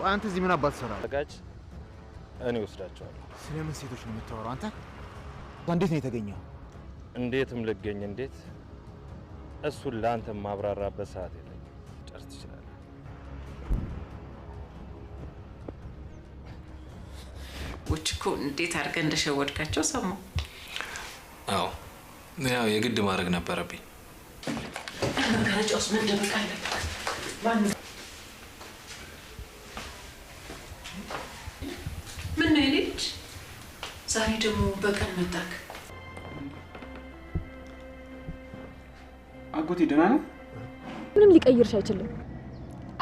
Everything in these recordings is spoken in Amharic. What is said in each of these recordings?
ቆይ አንተ እዚህ ምን አባት ትሰራለህ? አዘጋጅ እኔ ወስዳቸዋለሁ። ስለምን ሴቶች ነው የምታወራው አንተ? እንዴት ነው የተገኘው? እንዴትም ልገኝ እንዴት? እሱን ለአንተ የማብራራበት ሰዓት የለኝም። ጨርስ ትችላለህ። ውጭ እኮ እንዴት አድርገህ እንደሸወድካቸው ሰማሁ። አዎ ያው የግድ ማድረግ ነበረብኝ። መጋረጫ ውስጥ መደበቅ አለበት። ደግሞ በቀን መጣክ? አጎቴ ደህና ነው? ምንም ሊቀይርሽ አይችልም።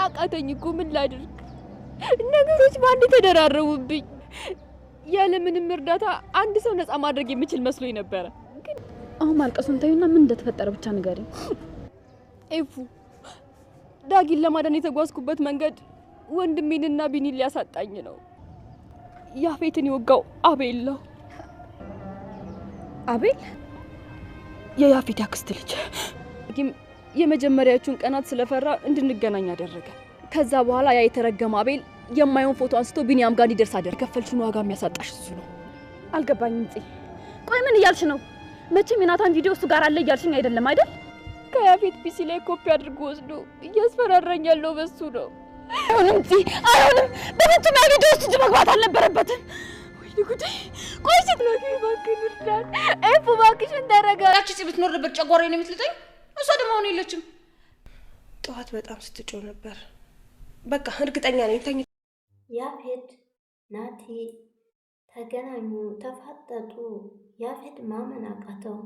አቃተኝ እኮ ምን ላድርግ? ነገሮች በአንድ ተደራረቡብኝ። ያለ ምንም እርዳታ አንድ ሰው ነፃ ማድረግ የምችል መስሎኝ ነበረ። ግን አሁን ማልቀሱን ታዩና ምን እንደተፈጠረ ብቻ ንገሪኝ። ኤፉ ዳጊን ለማዳን የተጓዝኩበት መንገድ ወንድሜንና ቢኒን ሊያሳጣኝ ነው። ያፌትን የወጋው አቤል ነው። አቤል የያፌት አክስት ልጅ ግን የመጀመሪያዎቹን ቀናት ስለፈራ እንድንገናኝ አደረገ። ከዛ በኋላ ያ የተረገመ አቤል የማይሆን ፎቶ አንስቶ ቢኒያም ጋር እንዲደርስ አደረገ። የከፈልሽውን ዋጋ የሚያሳጣሽ እሱ ነው። አልገባኝም ጽ ቆይ ምን እያልሽ ነው? መቼም የናታን ቪዲዮ እሱ ጋር አለ እያልሽኝ አይደለም አይደል? ከያፌት ፒሲ ላይ ኮፒ አድርጎ ወስዶ እያስፈራራኝ ያለው በሱ ነው። አይሆንም ጽ አይሆንም። በፍጹም ያ ቪዲዮ እሱ እጅ መግባት አልነበረበትም። ጨጓራዬን የምትልጠኝ እሷ ደግሞ አሁን የለችም። ጠዋት በጣም ስትጮህ ነበር። በቃ እርግጠኛ ነኝ ተኝ ያፌት ናቲ ተገናኙ፣ ተፋጠጡ። ያፌት ማመን አቃተው።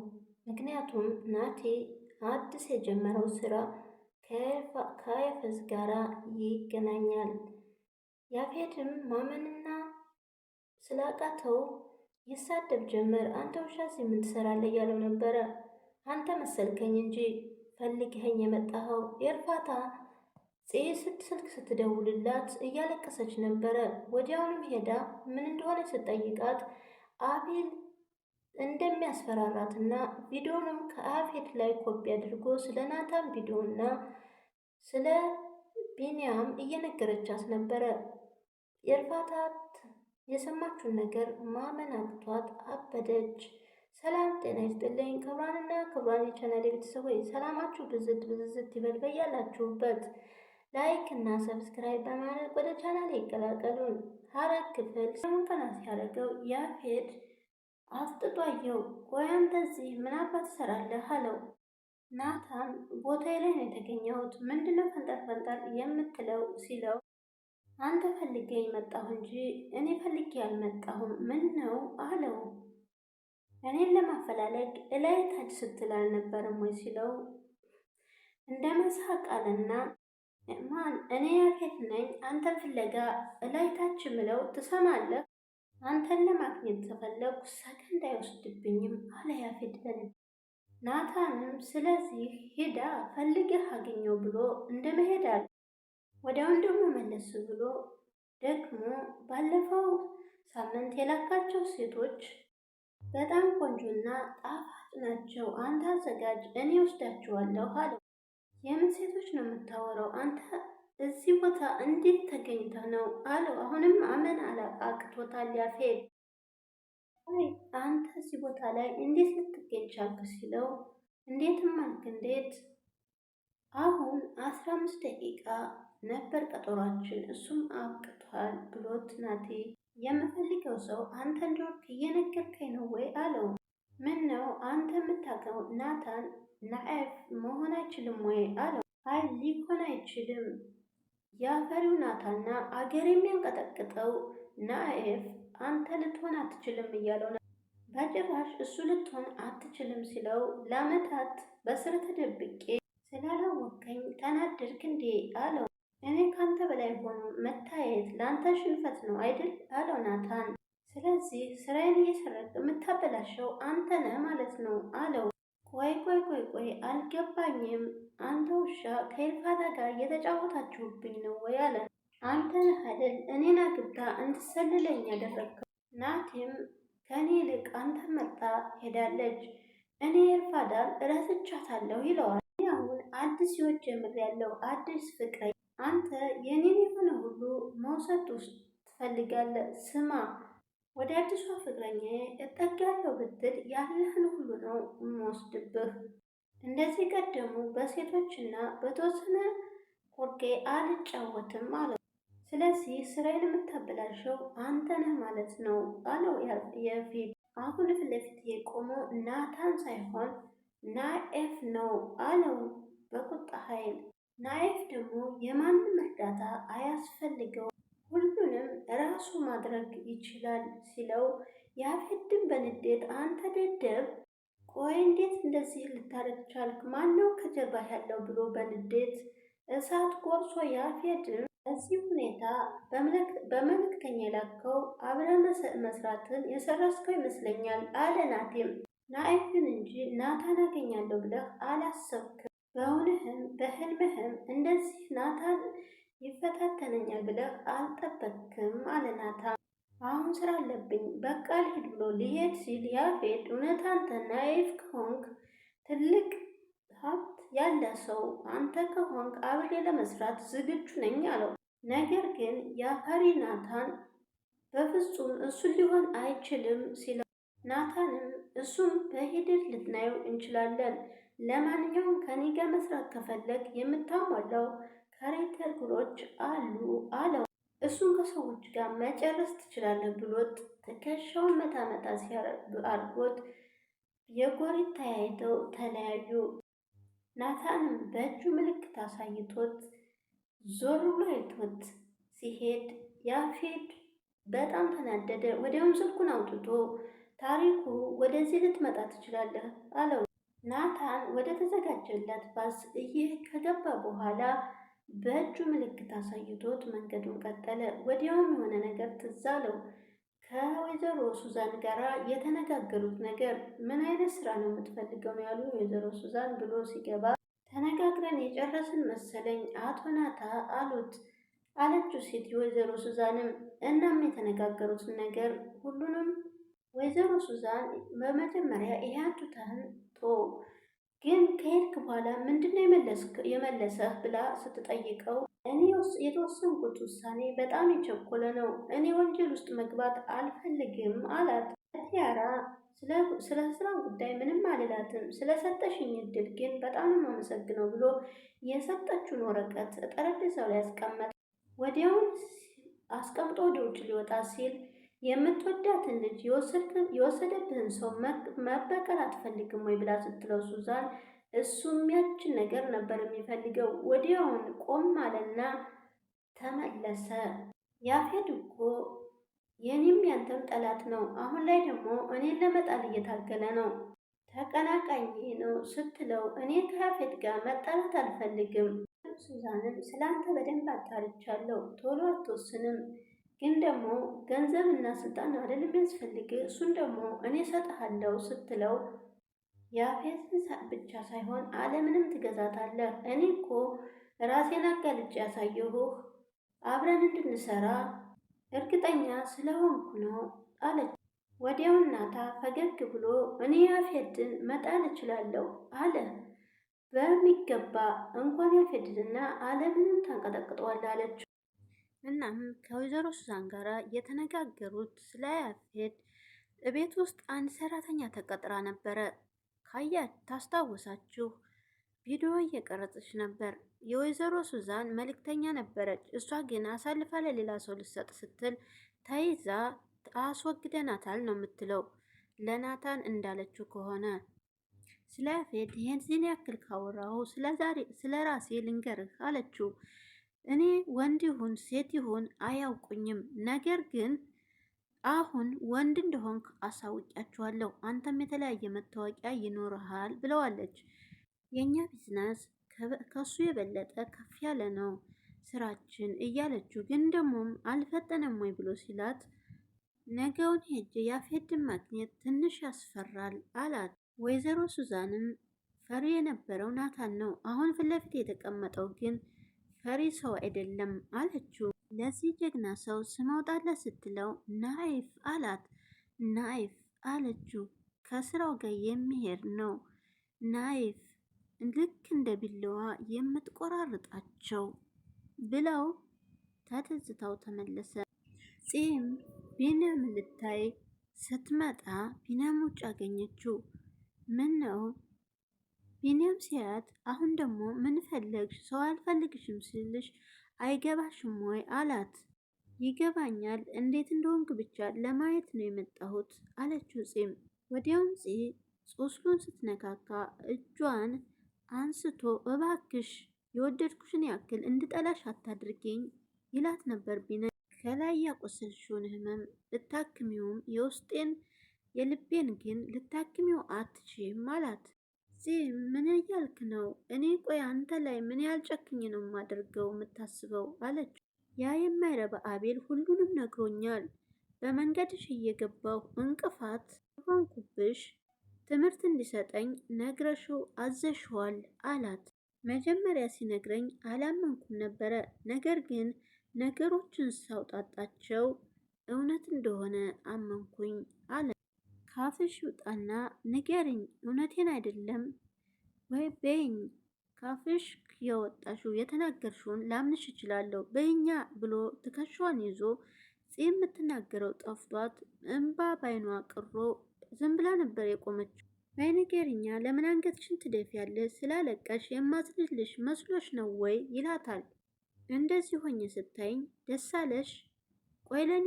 ምክንያቱም ናቲ አዲስ የጀመረው ስራ ከኤፈዝ ጋራ ይገናኛል። ያፌትም ማመንና ስላቃተው ይሳደብ ጀመር። አንተ ውሻ እዚህ ምን ትሰራለህ እያለው ነበረ። አንተ መሰልከኝ እንጂ ፈልግኸኝ የመጣኸው። የእርፋታ ጽሄ ስት ስልክ ስትደውልላት እያለቀሰች ነበረ። ወዲያውንም ሄዳ ምን እንደሆነ ስትጠይቃት አቤል እንደሚያስፈራራትና ቪዲዮንም ከአፌት ላይ ኮፒ አድርጎ ስለ ናታን ቪዲዮና ስለ ቢንያም እየነገረቻት ነበረ የእርፋታ የሰማችውን ነገር ማመን አቅቷት አበደች። ሰላም ጤና ይስጥልኝ ክቡራንና ክቡራን የቻናል ቤተሰቦች ሰላማችሁ ብዝት ብዝዝት ይበል በያላችሁበት። ላይክ እና ሰብስክራይብ በማድረግ ወደ ቻናል ይቀላቀሉን። ሐረግ ክፍል ሰሙንከና ሲያደርገው ያፌድ አፍጥጦ አየው። ቆይ አንተ ምናባት ትሰራለህ አለው። ናታን ቦታዬ ላይ ነው የተገኘሁት ምንድነው ፈንጠር ፈንጠር የምትለው ሲለው አንተ ፈልገኝ መጣሁ እንጂ እኔ ፈልጌ አልመጣሁም። ምን ነው አለው። እኔን ለማፈላለግ እላይ ታች ስትል አልነበርም ወይ ሲለው እንደ መሳቅ አለና ማን እኔ ያፌት ነኝ። አንተን ፍለጋ እላይ ታች ምለው ትሰማለህ። አንተን ለማግኘት ተፈለጉ ሰከንድ አይወስድብኝም አለ ያፌት በል ናታንም ስለዚህ ሄዳ ፈልገህ አገኘው ብሎ እንደመሄድ አለ ወዲያውን ደግሞ መለስ ብሎ ደግሞ ባለፈው ሳምንት የላካቸው ሴቶች በጣም ቆንጆና ጣፋጭ ናቸው፣ አንተ አዘጋጅ፣ እኔ ወስዳችኋለሁ አለው። የምን ሴቶች ነው የምታወራው? አንተ እዚህ ቦታ እንዴት ተገኝተ ነው አለው። አሁንም አመን አቅቶታል ይ አንተ እዚህ ቦታ ላይ እንዴት ልትገኝ ቻልክ ሲለው እንዴትም አልክ እንዴት አሁን አስራ አምስት ደቂቃ ነበር ቀጠሯችን። እሱም አብቅቷል ብሎት ናቲ የምፈልገው ሰው አንተ እንደሆንክ እየነገርከኝ ነው ወይ አለው። ምን ነው አንተ የምታውቀው ናታን ናኤፍ መሆን አይችልም ወይ አለው። አይ ሊሆን አይችልም የአፈሪው ናታና አገር የሚያንቀጠቅጠው ናኤፍ አንተ ልትሆን አትችልም እያለው በጭራሽ እሱ ልትሆን አትችልም ሲለው ለአመታት በስር ተደብቄ ስላላወከኝ ተናደድክ እንዴ አለው። እኔ ካንተ በላይ ሆኖ መታየት ለአንተ ሽንፈት ነው አይደል? አለው ናታን። ስለዚህ ስራዬን እየሰረቅ የምታበላሸው አንተ ነህ ማለት ነው አለው። ቆይ ቆይ ቆይ ቆይ አልገባኝም። አንተ ውሻ ከኤልፋዳ ጋር እየተጫወታችሁብኝ ነው ወይ አለ። አንተ ነህ አይደል እኔን አግብታ እንድሰልለኝ ያደረግከው። ናቲም ከእኔ ይልቅ አንተ መርጣ ሄዳለች፣ እኔ ኤልፋዳን እረስቻታለሁ ይለዋል። አሁን አዲስ ህይወት ጀምሬያለሁ አዲስ ፍቅር አንተ የኔን የሆነ ሁሉ መውሰድ ውስጥ ትፈልጋለህ? ስማ ወደ አዲሷ ፍቅረኛ እጠጋለሁ ብትል ያለህን ሁሉ ነው የምወስድብህ። እንደዚህ ቀደሙ በሴቶችና በተወሰነ ቆርጌ አልጫወትም አለ። ስለዚህ ስራዬን የምታበላሸው አንተ ነህ ማለት ነው አለው። የፊት አሁን ፊት ለፊት የቆመው ናታን ሳይሆን ናኤፍ ነው አለው በቁጣ ኃይል ናይፍ ደግሞ የማንም እርዳታ አያስፈልገው ሁሉንም ራሱ ማድረግ ይችላል ሲለው ያፌድን በንዴት አንተ ደደብ፣ ቆይ እንዴት እንደዚህ ልታረግ ቻልክ? ማነው ከጀርባ ያለው ብሎ በንዴት እሳት ቆርሶ ያፌድን በዚህ ሁኔታ በመልክተኛ የላከው አብረ መስራትን የሰረስከው ይመስለኛል አለ ናቴም ናይፍን እንጂ ናታን አገኛለሁ ብለህ አላሰብክም። በእውነህም በህልምህም እንደዚህ ናታን ይፈታተነኛል ብለህ አልጠበክም አለ ናታን። አሁን ስራ አለብኝ በቃ ልሂድ ብሎ ሊሄድ ሲል ያፌት እውነት አንተና ናይፍ ከሆንክ ትልቅ ሀብት ያለ ሰው አንተ ከሆንክ አብሬ ለመስራት ዝግጁ ነኝ አለው። ነገር ግን የአፈሪ ናታን በፍጹም እሱ ሊሆን አይችልም ሲለው ናታንም እሱም በሂደት ልናየው እንችላለን ለማንኛውም ከኔ ጋር መስራት ከፈለግ የምታሟላው ካሬክተሮች አሉ አለው። እሱን ከሰዎች ጋር መጨረስ ትችላለህ ብሎት ትከሻውን መታመጣ ሲያርጎት የጎሪት ተያይተው ተለያዩ። ናታንም በእጁ ምልክት አሳይቶት ዞር ብሎ አይቶት ሲሄድ ያፌድ በጣም ተናደደ። ወዲያውም ስልኩን አውጥቶ ታሪኩ ወደዚህ ልትመጣ ትችላለህ አለው። ናታን ወደ ተዘጋጀለት ባስ ይህ ከገባ በኋላ በእጁ ምልክት አሳይቶት መንገዱን ቀጠለ። ወዲያውም የሆነ ነገር ትዝ አለው። ከወይዘሮ ሱዛን ጋር የተነጋገሩት ነገር ምን አይነት ስራ ነው የምትፈልገው ነው ያሉ ወይዘሮ ሱዛን ብሎ ሲገባ ተነጋግረን የጨረስን መሰለኝ አቶ ናታ አሉት አለችው ሴት ወይዘሮ ሱዛንም እናም የተነጋገሩትን ነገር ሁሉንም ወይዘሮ ሱዛን በመጀመሪያ ይህ አንቱታህን ስቶ ግን ከሄድክ በኋላ ምንድነው የመለሰህ ብላ ስትጠይቀው እኔ የተወሰንኩት ውሳኔ በጣም የቸኮለ ነው። እኔ ወንጀል ውስጥ መግባት አልፈልግም አላት። ቲያራ ስለ ስራ ጉዳይ ምንም አልላትም፣ ስለሰጠሽኝ እድል ግን በጣም አመሰግነው ብሎ የሰጠችውን ወረቀት ጠረጴዛው ላይ አስቀመጠ። ወዲያውን አስቀምጦ ወደ ውጭ ሊወጣ ሲል የምትወዳትን ልጅ የወሰደብህን ሰው መበቀል አትፈልግም ወይ ብላ ስትለው ሱዛን እሱም ያችን ነገር ነበር የሚፈልገው። ወዲያውን ቆም አለና ተመለሰ። ያፌድ እኮ የኔም ያንተም ጠላት ነው። አሁን ላይ ደግሞ እኔን ለመጣል እየታገለ ነው። ተቀናቃኝ ነው ስትለው እኔ ከያፌድ ጋር መጣላት አልፈልግም። ሱዛንም ስለአንተ በደንብ አታርቻለሁ። ቶሎ አትወስንም ግን ደግሞ ገንዘብና ስልጣን አይደል የሚያስፈልግ እሱን ደግሞ እኔ ሰጥሃለው ስትለው የአፌትን ብቻ ሳይሆን ዓለምንም ትገዛታለህ። እኔ እኮ ራሴን አጋልጭ ያሳየሁህ አብረን እንድንሰራ እርግጠኛ ስለሆንኩ ነው አለች። ወዲያው ናታ ፈገግ ብሎ እኔ ያፌድን መጣል እችላለሁ አለ። በሚገባ እንኳን ያፌድንና ዓለምንም ታንቀጠቅጠዋል አለችው። እናም ከወይዘሮ ሱዛን ጋር የተነጋገሩት ስለ ያፌት ቤት ውስጥ አንድ ሰራተኛ ተቀጥራ ነበረ። ካያት ታስታውሳችሁ ቪዲዮ እየቀረጸች ነበር። የወይዘሮ ሱዛን መልእክተኛ ነበረች። እሷ ግን አሳልፋ ለሌላ ሰው ልሰጥ ስትል ተይዛ አስወግደናታል ነው የምትለው። ለናታን እንዳለችው ከሆነ ስለ ያፌት ይህን ያክል ካወራሁ ስለ ራሴ ልንገርህ አለችው። እኔ ወንድ ይሁን ሴት ይሁን አያውቁኝም። ነገር ግን አሁን ወንድ እንደሆንክ አሳውቂያችኋለሁ፣ አንተም የተለያየ መታወቂያ ይኖርሃል ብለዋለች። የእኛ ቢዝነስ ከሱ የበለጠ ከፍ ያለ ነው ስራችን እያለችው ግን ደግሞም አልፈጠነም ወይ ብሎ ሲላት ነገውን ሄጄ ያፌድን ማግኘት ትንሽ ያስፈራል አላት። ወይዘሮ ሱዛንም ፈሪ የነበረው ናታን ነው። አሁን ፊት ለፊት የተቀመጠው ግን ፈሪ ሰው አይደለም አለችው። ለዚህ ጀግና ሰው ስመውጣለት ስትለው ናይፍ አላት። ናይፍ አለችው። ከስራው ጋር የሚሄድ ነው ናይፍ ልክ እንደ ቢላዋ የምትቆራርጣቸው ብለው ተደዝታው ተመለሰ። ፂም ቢንያም ልታይ ስትመጣ ቢንያም ውጭ አገኘችው። ምን ነው ቢኒያም ሲያት አሁን ደግሞ ምን ፈለግሽ? ሰው አልፈልግሽም ሲልሽ አይገባሽም ወይ አላት። ይገባኛል፣ እንዴት እንደሆንክ ብቻ ለማየት ነው የመጣሁት አለችው ፂም። ወዲያውም ፂ ጾስሉን ስትነካካ እጇን አንስቶ እባክሽ የወደድኩሽን ያክል እንድጠላሽ አታድርጊኝ ይላት ነበር። ቢነ ከላይ ያቆሰልሽውን ህመም ልታክሚውም የውስጤን የልቤን ግን ልታክሚው አትችም አላት። ዚህ ምን እያልክ ነው? እኔ ቆይ አንተ ላይ ምን ያህል ጨክኝ ነው የማደርገው የምታስበው አለች። ያ የማይረባ አቤል ሁሉንም ነግሮኛል። በመንገድሽ እየገባሁ እንቅፋት ሆንኩብሽ ትምህርት እንዲሰጠኝ ነግረሽው አዘሽዋል አላት። መጀመሪያ ሲነግረኝ አላመንኩም ነበረ። ነገር ግን ነገሮችን ሳውጣጣቸው እውነት እንደሆነ አመንኩኝ። ካፍሽ ይውጣና ንገርኝ፣ እውነቴን አይደለም ወይ በይኝ። ካፍሽ የወጣሽው የተናገርሽውን ላምንሽ እችላለሁ በይኛ ብሎ ትከሻዋን ይዞ ጽ የምትናገረው ጠፍቷት እንባ ባይኗ ቅሮ ዝም ብላ ነበር የቆመችው። ወይ ንገርኛ፣ ለምን አንገትሽን ትደፊያለሽ? ስላለቀሽ የማዝንልሽ መስሎሽ ነው ወይ ይላታል። እንደዚህ ሆኜ ስታይኝ ደሳለሽ ቆይለኒ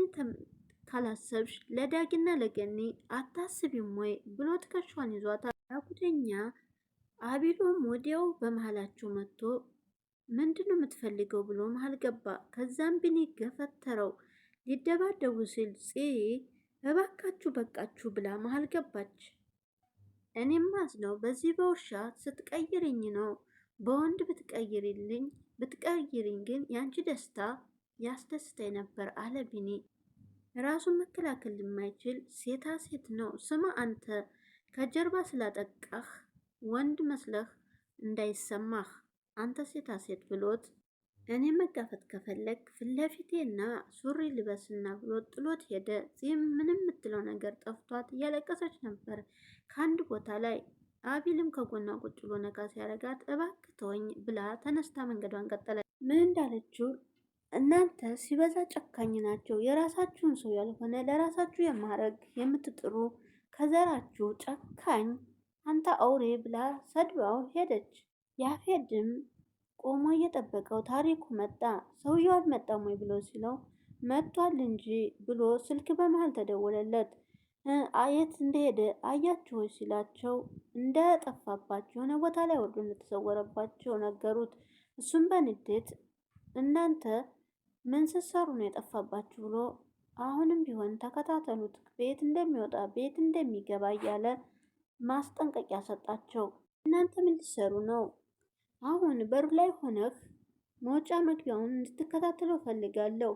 ካላሰብሽ ለዳጊና ለገኒ አታስቢም ወይ ብሎ ትከሻዋን ይዟታል። ዳጉተኛ አቢሎም ወዲያው በመሀላቸው መጥቶ ምንድነው የምትፈልገው ብሎ መሀል ገባ። ከዛም ቢኒ ገፈተረው። ሊደባደቡ ሲል ጽ እባካችሁ በቃችሁ ብላ መሀል ገባች። እኔም ነው በዚህ በውሻ ስትቀይርኝ ነው። በወንድ ብትቀይርልኝ ብትቀይርኝ ግን ያንቺ ደስታ ያስደስተኝ ነበር አለ ቢኒ። ራሱን መከላከል የማይችል ሴታ ሴት ነው። ስማ አንተ ከጀርባ ስላጠቃህ ወንድ መስለህ እንዳይሰማህ አንተ ሴታ ሴት ብሎት እኔ መጋፈጥ ከፈለግ ፊትለፊቴና ሱሪ ልበስና ብሎት ጥሎት ሄደ። ዚህም ምንም የምትለው ነገር ጠፍቷት እያለቀሰች ነበር ከአንድ ቦታ ላይ አቢልም ከጎኗ ቁጭ ብሎ ነቃ ሲያረጋት እባክ ተወኝ ብላ ተነስታ መንገዷን ቀጠለ። ምን እንዳለችው እናንተ ሲበዛ ጨካኝ ናቸው። የራሳችሁን ሰው ያልሆነ ለራሳችሁ የማረግ የምትጥሩ ከዘራችሁ ጨካኝ አንተ አውሬ ብላ ሰድባው ሄደች። ያፌድም ቆሞ እየጠበቀው ታሪኩ መጣ። ሰውየው አልመጣም ወይ ብሎ ሲለው መጥቷል እንጂ ብሎ ስልክ በመሀል ተደወለለት። አየት እንደሄደ አያችሁ ወይ ሲላቸው እንደጠፋባቸው የሆነ ቦታ ላይ ወርዶ እንደተሰወረባቸው ነገሩት። እሱም በንዴት እናንተ ምን ስትሰሩ ነው የጠፋባችሁ ብሎ አሁንም ቢሆን ተከታተሉት፣ ቤት እንደሚወጣ ቤት እንደሚገባ እያለ ማስጠንቀቂያ ሰጣቸው። እናንተ ምን ልትሰሩ ነው? አሁን በሩ ላይ ሆነህ መውጫ መግቢያውን እንድትከታተለው ፈልጋለሁ።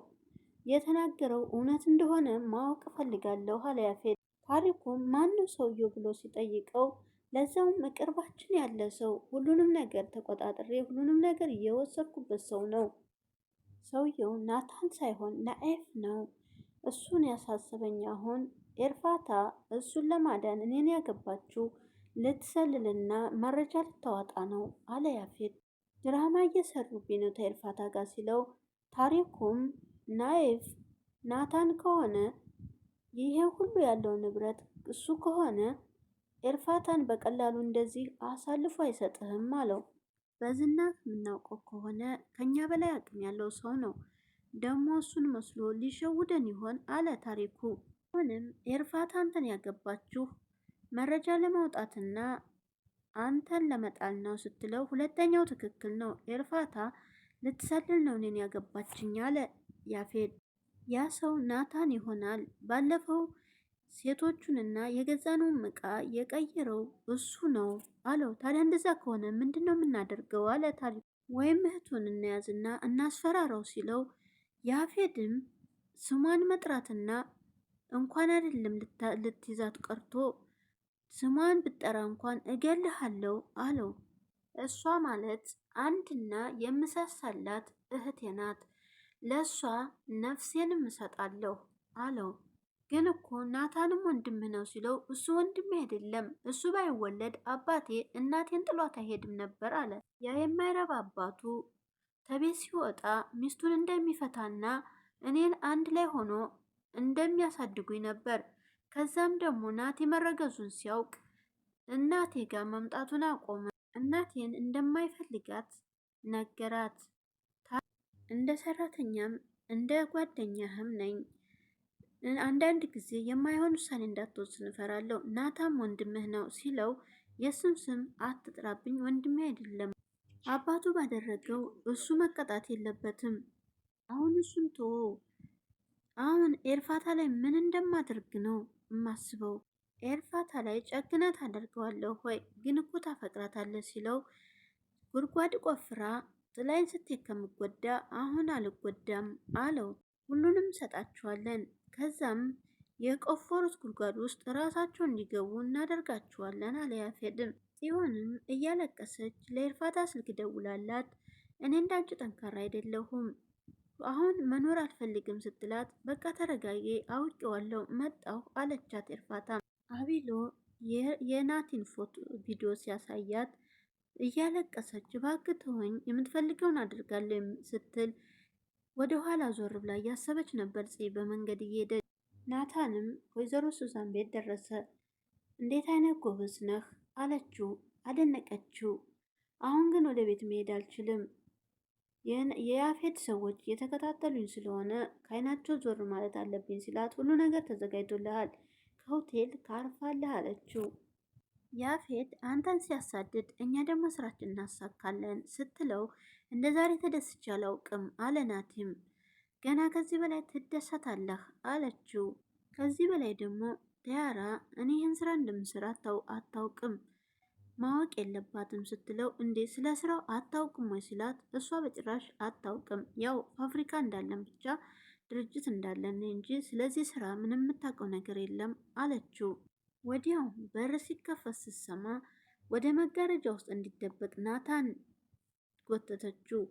የተናገረው እውነት እንደሆነ ማወቅ ፈልጋለሁ አለ ያፌት። ታሪኩም ማንም ሰውየው ብሎ ሲጠይቀው ለዛውም እቅርባችን ያለ ሰው፣ ሁሉንም ነገር ተቆጣጥሬ ሁሉንም ነገር እየወሰድኩበት ሰው ነው ሰውየው ናታን ሳይሆን ናኤፍ ነው። እሱን ያሳሰበኝ አሁን ኤርፋታ እሱን ለማዳን እኔን ያገባችው ልትሰልልና መረጃ ልታወጣ ነው አለ ያፌት። ድራማ እየሰሩብኝ ነው ተኤርፋታ ጋር ሲለው ታሪኩም ናኤፍ ናታን ከሆነ ይሄ ሁሉ ያለው ንብረት እሱ ከሆነ ኤርፋታን በቀላሉ እንደዚህ አሳልፎ አይሰጥህም አለው። በዝና የምናውቀው ከሆነ ከኛ በላይ አቅም ያለው ሰው ነው። ደግሞ እሱን መስሎ ሊሸውደን ይሆን አለ ታሪኩ። ሆንም የእርፋታ አንተን ያገባችሁ መረጃ ለማውጣትና አንተን ለመጣል ነው ስትለው፣ ሁለተኛው ትክክል ነው ኤርፋታ ልትሰልል ነው እኔን ያገባችኝ አለ ያፌድ። ያ ሰው ናታን ይሆናል ባለፈው ሴቶቹንና የገዛነውን እቃ የቀየረው እሱ ነው አለው። ታዲያ እንደዛ ከሆነ ምንድን ነው የምናደርገው? አለ ታሪኩ። ወይም እህቱን እናያዝና እናስፈራረው ሲለው ያፌድም ስሟን መጥራትና እንኳን አይደለም ልትይዛት ቀርቶ ስሟን ብጠራ እንኳን እገልሃለው አለው። እሷ ማለት አንድና የምሳሳላት እህቴ ናት፣ ለእሷ ነፍሴንም እሰጣለሁ አለው። ግን እኮ ናታንም ወንድም ነው ሲለው እሱ ወንድም አይደለም፣ እሱ ባይወለድ አባቴ እናቴን ጥሏት አይሄድም ነበር አለ። ያ የማይረባ አባቱ ከቤት ሲወጣ ሚስቱን እንደሚፈታና እኔን አንድ ላይ ሆኖ እንደሚያሳድጉኝ ነበር። ከዛም ደግሞ ናቴ መረገዙን ሲያውቅ እናቴ ጋር መምጣቱን አቆመ። እናቴን እንደማይፈልጋት ነገራት። እንደ ሰራተኛም እንደ ጓደኛህም ነኝ አንዳንድ ጊዜ የማይሆን ውሳኔ እንዳትወስን እፈራለሁ። ናታም ወንድምህ ነው ሲለው የእሱን ስም አትጥራብኝ፣ ወንድሜ አይደለም አባቱ ባደረገው እሱ መቀጣት የለበትም። አሁን እሱን ቶ አሁን ኤርፋታ ላይ ምን እንደማደርግ ነው የማስበው። ኤርፋታ ላይ ጨክነት አደርገዋለሁ ሆይ ግን እኮ ታፈቅራታለህ ሲለው ጉድጓድ ቆፍራ ጥላይን ስትሄድ ከምጎዳ አሁን አልጎዳም አለው። ሁሉንም ሰጣችኋለን ከዛም የቆፈሩት ጉድጓድ ውስጥ ራሳቸው እንዲገቡ እናደርጋቸዋለን አለ ያፌድም። ጽዮንም እያለቀሰች ለኤርፋታ ስልክ ደውላላት እኔ እንዳንቺ ጠንካራ አይደለሁም አሁን መኖር አልፈልግም ስትላት፣ በቃ ተረጋጌ አውቄዋለሁ መጣሁ አለቻት ኤርፋታ። አቢሎ የናቲን ፎቶ ቪዲዮ ሲያሳያት እያለቀሰች ባክትሆኝ የምትፈልገውን አድርጋለሁ ስትል ወደ ኋላ ዞር ብላ እያሰበች ነበር ፂ በመንገድ እየሄደች ናታንም ወይዘሮ ሱዛን ቤት ደረሰ። እንዴት አይነት ጎበዝ ነህ አለችው፣ አደነቀችው። አሁን ግን ወደ ቤት መሄድ አልችልም፣ የያፌት ሰዎች የተከታተሉኝ ስለሆነ ከአይናቸው ዞር ማለት አለብኝ ሲላት፣ ሁሉ ነገር ተዘጋጅቶልሃል ከሆቴል ካርፋለህ አለችው። ያፌት አንተን ሲያሳድድ እኛ ደግሞ ስራችን እናሳካለን ስትለው እንደ ዛሬ ተደስቼ አላውቅም አለ ናቲም። ገና ከዚህ በላይ ትደሰታለህ አለችው። ከዚህ በላይ ደግሞ ዲያራ እኔ ይህን ስራ እንደምሰራ አታውቅም ማወቅ የለባትም ስትለው፣ እንዴ ስለ ስራው አታውቅም ወይ ሲላት፣ እሷ በጭራሽ አታውቅም ያው ፋብሪካ እንዳለን ብቻ ድርጅት እንዳለን እንጂ ስለዚህ ስራ ምንም የምታውቀው ነገር የለም አለችው። ወዲያው በር ሲከፈት ስትሰማ ወደ መጋረጃ ውስጥ እንዲደበቅ ናታን ጎተተችው።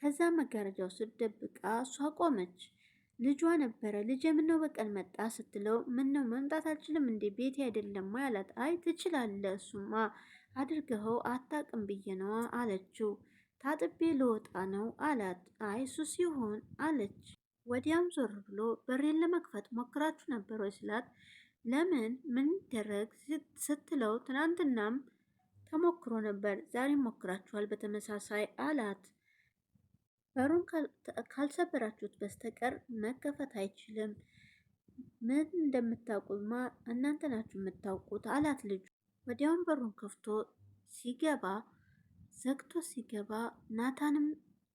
ከዛ መጋረጃው ስር ደብቃ እሷ ቆመች። ልጇ ነበረ። ልጄ ምነው በቀን መጣ ስትለው ምነው መምጣት አልችልም እንዴ ቤቴ አይደለም አላት። አይ ትችላለህ፣ እሱማ አድርገኸው አታቅም ብዬ ነዋ አለችው። ታጥቤ ልወጣ ነው አላት። አይ እሱ ሲሆን አለች። ወዲያም ዞር ብሎ በሬን ለመክፈት ሞክራችሁ ነበር ወይ ስላት ለምን ምን ደረግ ስትለው ትናንትናም ተሞክሮ ነበር፣ ዛሬም ሞክራችኋል በተመሳሳይ አላት። በሩን ካልሰበራችሁት በስተቀር መከፈት አይችልም። ምን እንደምታውቁማ እናንተ ናችሁ የምታውቁት አላት ልጁ። ወዲያውም በሩን ከፍቶ ሲገባ ዘግቶ ሲገባ ናታንም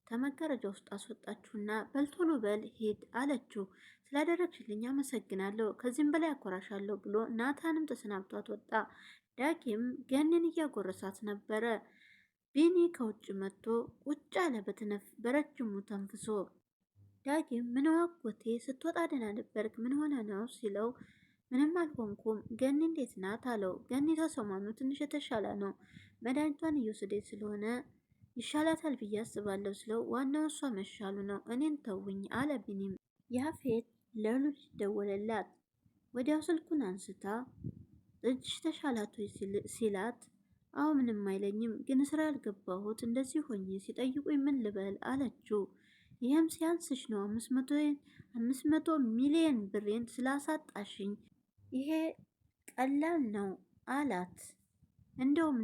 ከመጋረጃ ውስጥ አስወጣችሁና በልቶሎ በል ሂድ አለችው። ስላደረግችልኝ አመሰግናለሁ፣ ከዚህም በላይ አኮራሻለሁ ብሎ ናታንም ተሰናብቷት ወጣ። ዳጊም ገንን እያጎረሳት ነበረ። ቢኒ ከውጭ መጥቶ ቁጭ አለ በረጅሙ ተንፍሶ። ዳጊም ምን ዋጎቴ ስትወጣ ደህና ነበርክ? ምን ሆነ ነው ሲለው ምንም አልሆንኩም። ገኒ እንዴት ናት አለው። ገኒ ተሰማኑ ትንሽ የተሻለ ነው፣ መድኃኒቷን እየወሰደች ስለሆነ ይሻላታል ብዬ አስባለሁ ስለው ዋናው እሷ መሻሉ ነው፣ እኔን ተውኝ አለ ቢኒም። ያፌት ለሉል ደወለላት። ወዲያው ስልኩን አንስታ እጅሽ ተሻላት ሲላት አዎ ምንም አይለኝም፣ ግን ስራ ያልገባሁት እንደዚህ ሆኜ ሲጠይቁኝ ምን ልበል አለችው። ይህም ሲያንስሽ ነው አምስት መቶ ሚሊየን ብሬን ስላሳጣሽኝ ይሄ ቀላል ነው አላት። እንደውም